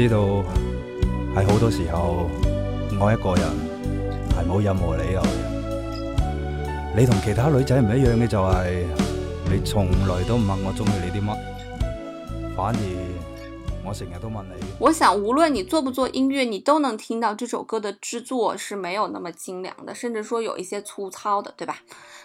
我知道係好多時候愛一個人係冇任何理由。你同其他女仔唔一樣嘅就係、是，你從來都唔問我中意你啲乜，反而我成日都問你。我想無論你做不做音樂，你都能聽到這首歌嘅製作是沒有那麼精良的，甚至說有一些粗糙嘅，對吧？